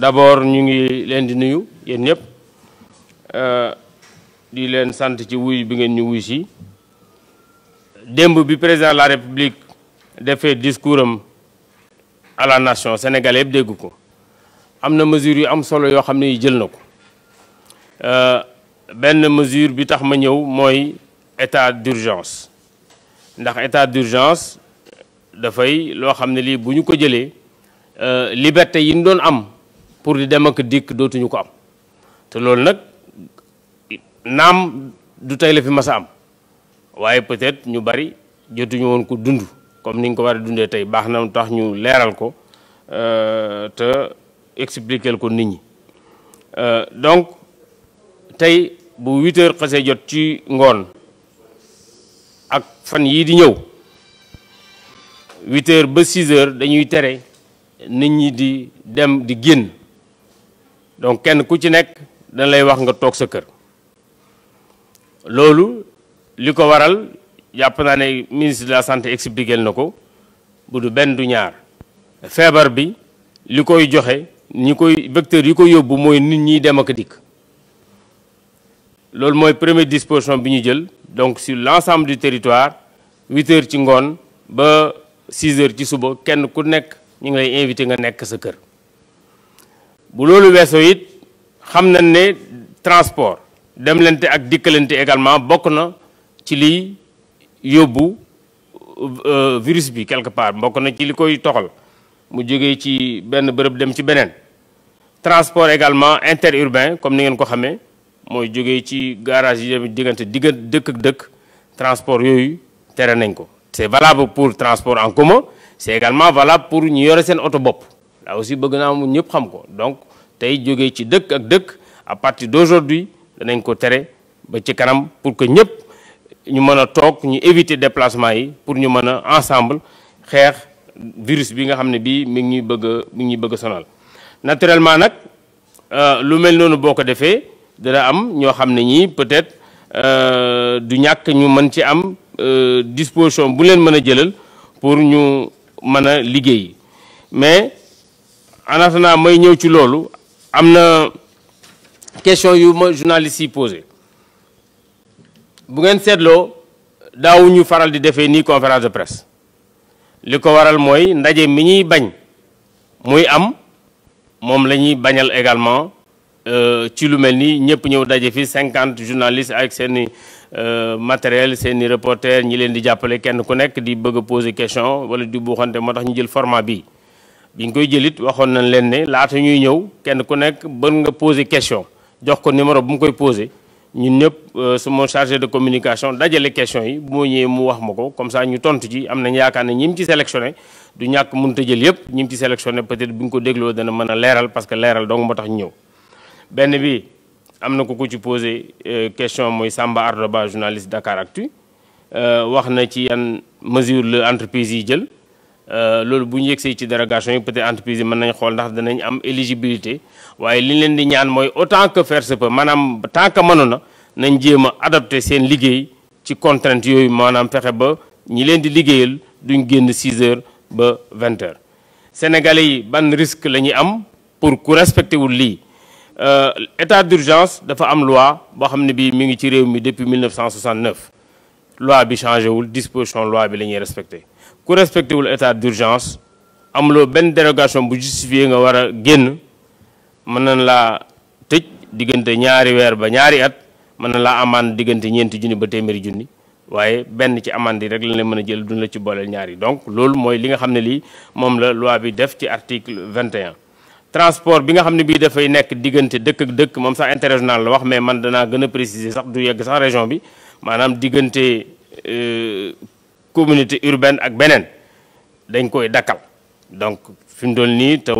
d'abord ñu ngi leen di nuyu yéen ñëpp euh, di leen sant ci wuy bi ngeen ñu wuy ci demb bi président de la république defee discours à la nation sénégalais yëpp dégg ko mesure yu am solo yo xam jël nako euh ben mesure bi tax ma ñew moy état d'urgence ndax état d'urgence da fay lo ne li buñu ko jëlé euh liberté yi ñu doon am pour di dem ak dikk dootuñu ko am te lool nak nam du tay la fi massa am waye peut-être ñu bari jotuñu won ko dund comme ni nga ko war a dundee tey na tax ñu léral ko euh te expliquer ko nit ñi euh donc tay bu 8h xasse jot ci ngone ak fan yi di ñew 8h ba 6h dañuy téré nit ñi di dem di génn donc kenn ku ci nek dañ lay wax nga tok sa kër lolu liko waral japp na né ministre de la santé expliquer nako ko bu du benn du ñaar fièvre bi likoy joxé ni koy vecteur yi koy yóbbu nit ñi dem ak dikk loolu disposition bi ñu jël donc sur l'ensemble du territoire 8 heures ci ngone ba 6 heures ci suba kenn ku nek ñi ngi lay inviter nga nek sa kër bu loolu weeso it xam nañ ne transport demlante ak dikkalante également bokk na ci liy yóbbu euh, virus bi quelque part bokk na ci li koy toxal mu jógee ci benn bërëb dem ci beneen transport également interurbain comme ni ngeen ko xamee mooy jógee ci garage yi diggante diggante dëkk ak dëkk transport yooyu tere nañ ko c'est valable pour transport en commun c'est également valable pour ñu yore seen oto bopp là aussi bëgg naa mu ñëpp xam ko donc tey jógee ci dëkk ak dëkk à partir d'aujourd'hui danañ ko tere ba ci kanam pour que ñëpp ñu mën a toog ñu éviter déplacement yi pour ñu mën a ensemble xeex virus bi nga xam ne mi ngi bëgg mi ngi bëgg sonal naturellement nag euh, lu mel nonu boko ko dara am ño xamné ne peut-être euh du ñak ñu mën ci am euh disposition bu leen mëna jëlal pour ñu mëna a liggéey mais en attendant may ñëw ci loolu am na question yu ma journaliste yi posé bu ngeen seetloo daawu faral di defee nii conférence de presse li ko waral mooy ndaje mi ñuy bañ muy am moom la ñuy bañal également euh, ci lu mel nii ñëpp ñëw daje fi cinquante journalistes ak seeni euh, matériel seeni reporter ñi leen di jàppale kenn ku nekk di bëgg a question wala di buuxante moo tax ñu jël format bii nga koy jëlit waxoon nañ leen ne laata ñuy ñëw kenn ku nekk bën nga poser question jox ko numéro bu mu koy poser ñun ñëpp euh, ma chargé de communication dajale question yi bu ma ñëwee mu wax ma ko comme ça ñu tontu ci am nañ yaakaar ne ñi mu ci sélectionné du ñàkk mënut a jël yëpp ñi mu ci sélectionné peut-être bu ñu ko dégloo dana mën a leeral parce que leeral dong moo tax ñu ñëw benn bi am na ko ko ci posé euh, question mooy Samba Ardoba journaliste Dakar Actu euh, wax na ci yan mesure la entreprise yi jël Euh, loolu bu ñu yegsee ci dérogation yi peut-être entreprise yi mën nañ xool ndax danañ am éligibilité waye liñ leen di ñaan moy autant que faire se peut manam tant que mënu nañ jéem adapter adopté seen liggéey ci contrainte yooyu manam fexe ba ñi leen di liggéeyal duñ génn 6 h ba 20 h sénégalais yi ban risque lañu am pour ku respecté wul euh état d'urgence dafa am loi bo xam bi mi ngi ci réew mi depuis 1969 loi bi changé wul disposition loi bi lañuy respecter ku respecté wul état d'urgence Amlo ben dérogation bu justifié nga wara a génn mën nañ la tej digënté ñaari wër ba ñaari at man nañ la amande digënté ñent junni ba téeméeri junni waye ben ci amande yi rek lañ lay mëna jël duñ la ci booleel ñaari donc lool moy li nga xamné li mom la loi bi def ci article 21. transport bi nga xamné bi bii dafay nek digënté dëkk ak dëkk mom sax interrégional la wax mais man dana gëna préciser sax du yegg sax région bi manam digënté euh, communauté urbaine ak Bénin. dañ koy donc fi mu le te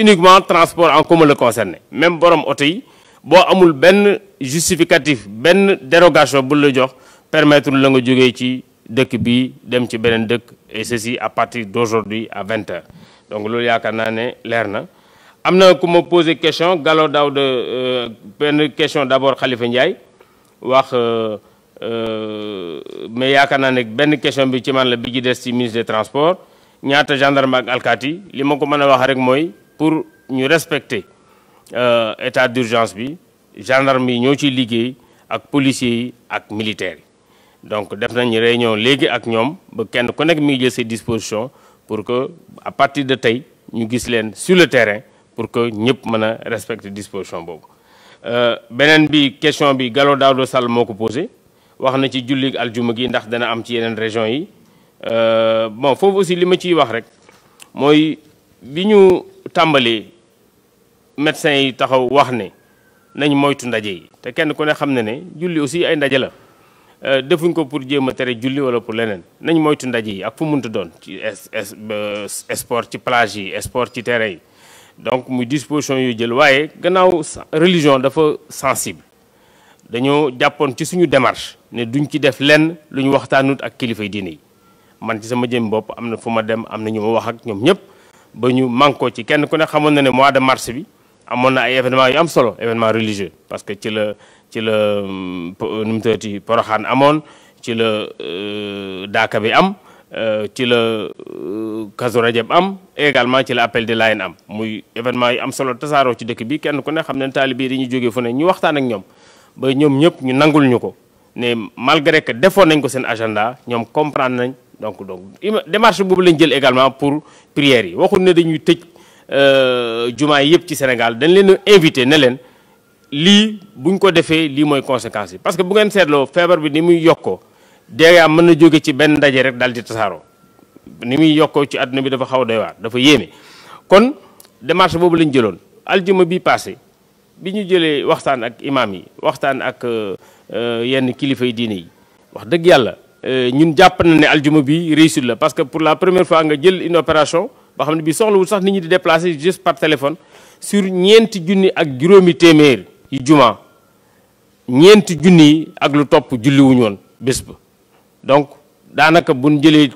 uniquement transport en commun le concerné même si on a boo amul ben justificatif ben dérogation pour le permettre le nga de ci de bi dem ci et ceci à partir d'aujourd'hui à 20h. donc loolu yaakaar naa ne leer na Je poser ku poser une question Gallo poser euh, question d'abord Khalifa Ndiaye wax euh, euh, mais il y a une question bi ci man la bi ji des ci ministre des transports ñaata gendarme ak alkaati li ma ko que wax rek pour ñu respecter euh, état d'urgence bi gendarmes sont en ciy avec ak policiers et les militaires donc def nañu réunion avec ak pour ba kenn ku nekk mi dispositions pour que à partir de maintenant nous les leen sur le terrain pour que nous respections a respecter disposition boobu euh, beneen bi question bi Gallo Daouda Sall moo wax na ci jullig aljuma gi ndax dana am ci yeneen région yi euh bon fofu aussi li ma ciy wax rek mooy bi ñu tàmbali médecin yi taxaw wax ne nañ moytu ndaje yi te kenn ku ne xam na ne julli aussi ay ndaje la euh, defuñ ko pour jéem a tere julli wala pour leneen nañ moytu ndaje yi ak fu muntu doon ci sport ci plage yi sport ci terrain yi donc muy disposition yu jël waaye gannaaw religion dafa sensible dañoo jàppoon ci suñu démarche ne duñ ci def lenn lu ñu waxtaanut ak kilifa diine yi man ci sama jëm bopp am na fu ma dem am na ñu ma wax ak ñoom ñëpp ba ñu mànkoo ci kenn ku ne xamoon na ne mois de mars bi amoon na ay événement yu am solo événement religieux parce que ci la ci la euh, nu mu amoon ci la euh, daaka bi am euh, ci la Kazu Rajab am également ci la appel de am muy événement yu am solo tasaaroo ci dëkk bi kenn ku ne xam ne taalibe yi dañuy jógee fu ne ñu waxtaan ak ñoom ba ñom ñëpp ñu nangul ñuko né malgré que defoon nañ ko sen agenda ñom comprendre nañ donc donc démarche boobu lañ jël également pour prière yi waxul né dañuy tejj euh jumaa yépp ci Sénégal dañ leen invité né leen li buñ ko défé li moy conséquence parce que bu ngeen sétlo feebar bi ni muy yokko déga mëna joggé ci ben ndaje rek dal di tasaaroo ni muy yokko ci aduna bi dafa xaw doy waar dafa yéeme kon démarche boobu lañ jëlone aljuma bi passé bi ñu jëlee waxtaan ak imam yi waxtaan ak euh, euh, yenn kilifa yi diine wax deug yalla euh, ñun japp na ne aljuma bi réussite la parce que pour la première fois nga jël une opération boo xam ne bii soxlawul sax nit ñi di déplacer juste par téléphone sur ñent junni ak juróomi témèr yi juma ñent junni ak lu topp julliwuñu woon bés ba donc daanaka buñ jëlé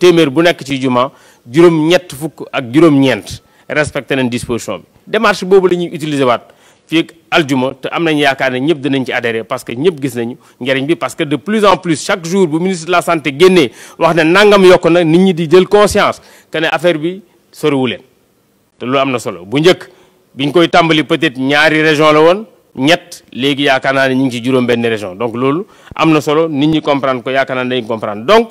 témèr bu nek ci juma juróom-ñett fuk ak juróom ñent respecté nañ disposition bi démarche bobu la ñuy utiliser waat fii ak aljuma te am nañ yaakaar ne ñëpp dinañ ci adhéré parce que ñëpp gis nañu njariñ bi parce que de plus en plus chaque jour bu ministre la santé génnee wax ne nangam yokk na nit ñi di jël conscience que affaire bi soriwu te loolu am na solo bu njëkk biñ koy tàmbali peut-être ñaari région la woon ñett léegi yaakaar naa ne ñu ngi ci juróom benn région donc loolu am na solo nit ñi comprendre ko yaakaar naa ne dañ comprendre donc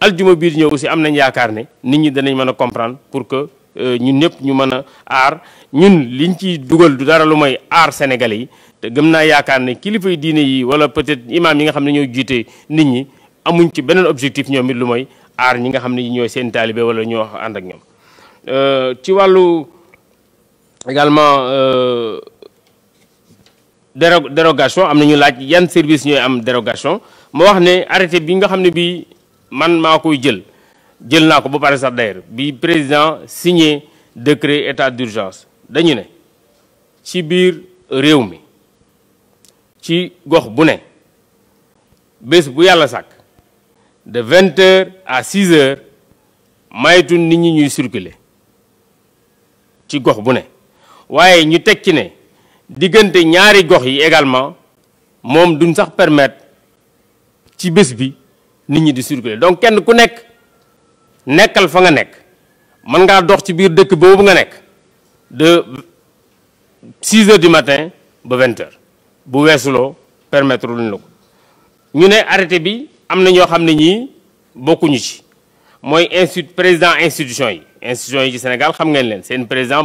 aljuma bii di ñëw aussi am nañ yaakaar ne nit ñi danañ mën a comprendre pour que Euh, ñun ñëpp ñu mën a aar ñun liñ ci dugal du dara lu may aar Sénégalais yi te gëm naa yaakaar ne kilifa yi diine yi wala peut-être imaam yi nga xam ne ñoo jiite nit ñi amuñ ci benn objectif ñoom it lu mooy aar ñi nga xam ne ñooy seen taalibe wala ñoo ànd ak ñoom. Euh, ci wàllu également euh, déro dérogation am na ñu laaj yan service ñooy am dérogation moo wax ne arrêté bi nga xam ne bii man maa koy jël. jël naa ko ba pare sax d'ailleurs bi président signé décret état d'urgence dañu ne ci biir réew mi ci gox bu ne bés bu yàlla sàkk de 20h à 6h, maytu nit ñi ñuy circuler ci gox bu ne waaye ñu teg ci ne diggante ñaari gox yi également Mom duñ sax permettre ci bés bi nit ñi di circuler donc kenn ku nekk nekkal fa nga nekk mën ngaa dox ci biir de 6 h du matin ba 20 heures bu weesuloo permettre luñ ne arrêté bi am na ñoo xam ci président institution yi institution yi Sénégal xam ngeen leen président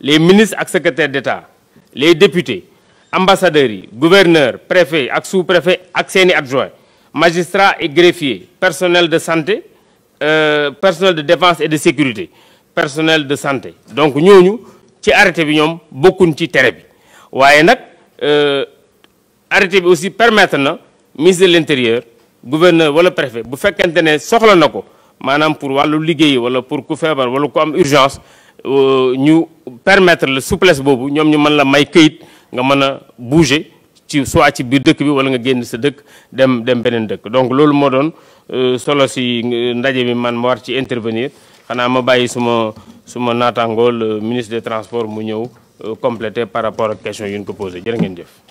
les ministres ak secrétaires d'État les députés ambassadeurs gouverneurs, préfets, sous-préfet magistrats et greffiers personnel de santé euh, personnel de défense et de sécurité personnel de santé donc nous, nous, arrêté beaucoup de bokkuñ ci euh, arrêté aussi permettre na ministre de l'intérieur gouverneur préfet bu soxla Manam pour wàllu liggéey pour faire une wala urgence nous euh, permettre la souplesse nous avons ñu la bouger ci soit ci biir dëkk bi wala nga génn sa dëkk dem dem beneen dëkk donc loolu moo doon euh, solo si euh, ndaje bi man ma war ci intervenir xanaa ma bàyyi suma suma naataangool euh, ministre des transport mu ñëw complété par rapport ak question yu ñu ko posé jërë ngeen def